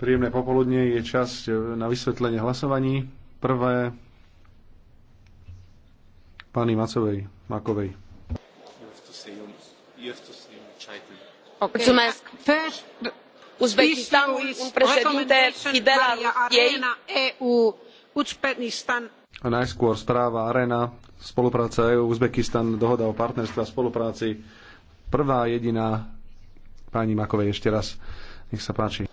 Príjemné popoludne je čas na vysvetlenie hlasovaní. Prvé pani Macovej, Makovej. E Uzbekistan A najskôr správa Arena, spolupráca EU, Uzbekistan, dohoda o partnerstve a spolupráci. Prvá jediná Pani Makovej ešte raz. Nech sa páči.